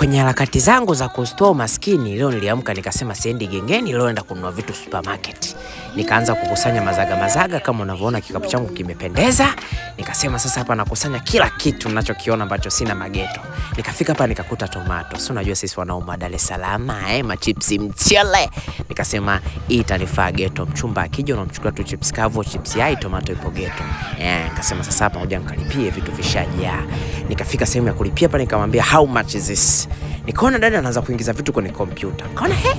Kwenye harakati zangu za kustoa umaskini leo niliamka nikasema siendi gengeni, leo naenda kununua vitu supermarket nikaanza kukusanya mazaga mazaga. Kama unavyoona kikapu changu kimependeza, nikasema sasa hapa nakusanya kila kitu ninachokiona ambacho sina mageto. Nikafika hapa nikakuta tomato, si unajua sisi wanauma Dar es Salaam eh, machipsi mchele. Nikasema hii itanifaa geto, mchumba akija unamchukua tu chips kavu, chips yai, tomato ipo geto eh. Nikasema sasa hapa ngoja nikalipie, vitu vishajaa. Nikafika sehemu ya kulipia hapa, nikamwambia how much is this? Nikaona dada anaanza kuingiza vitu kwenye kompyuta, nikaona he, eh,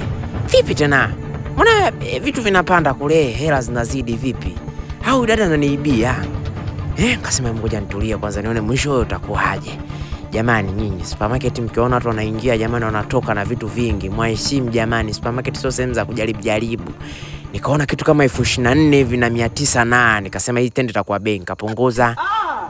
vipi tena Mbona eh, vitu vinapanda kule, hela zinazidi vipi? Au dada ananiibia? Eh, kasema ngoja nitulie kwanza nione mwisho utakuwaje. Jamani nyinyi supermarket mkiona watu wanaingia jamani, wanatoka na vitu vingi, mwaheshimu jamani. Supermarket sio sehemu za kujaribu jaribu. Nikaona kitu kama elfu ishirini na nne hivi na mia tisa na nikasema hii tende itakuwa bei, nikapunguza.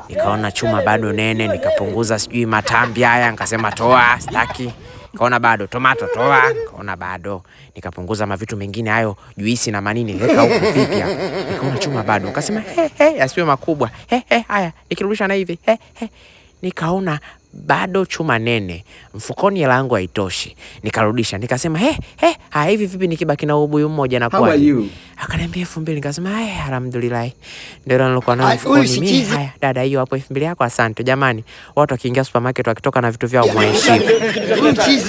Nikaona chuma bado nene, nikapunguza sijui matambi haya, nikasema toa, sitaki. Kaona bado tomato toa, kaona bado. Nikapunguza mavitu mengine hayo, juisi na manini weka huko vipi hapa. Nikaona chuma bado. Nikasema he he, asiwe makubwa. He he, haya nikirudisha na hivi. He he. Nikaona bado chuma nene mfukoni, hela yangu haitoshi. Nikarudisha nikasema he, eh, eh, he, ah, ha, hivi vipi nikibaki na ubuyu mmoja na kwa akaniambia elfu mbili nikasema he, eh, alhamdulillah, ndio nilokuwa nao mfukoni mimi. Haya dada, hiyo hapo elfu mbili yako, asante. Jamani, watu wakiingia supermarket wakitoka na vitu vyao, yaani, mwaheshimu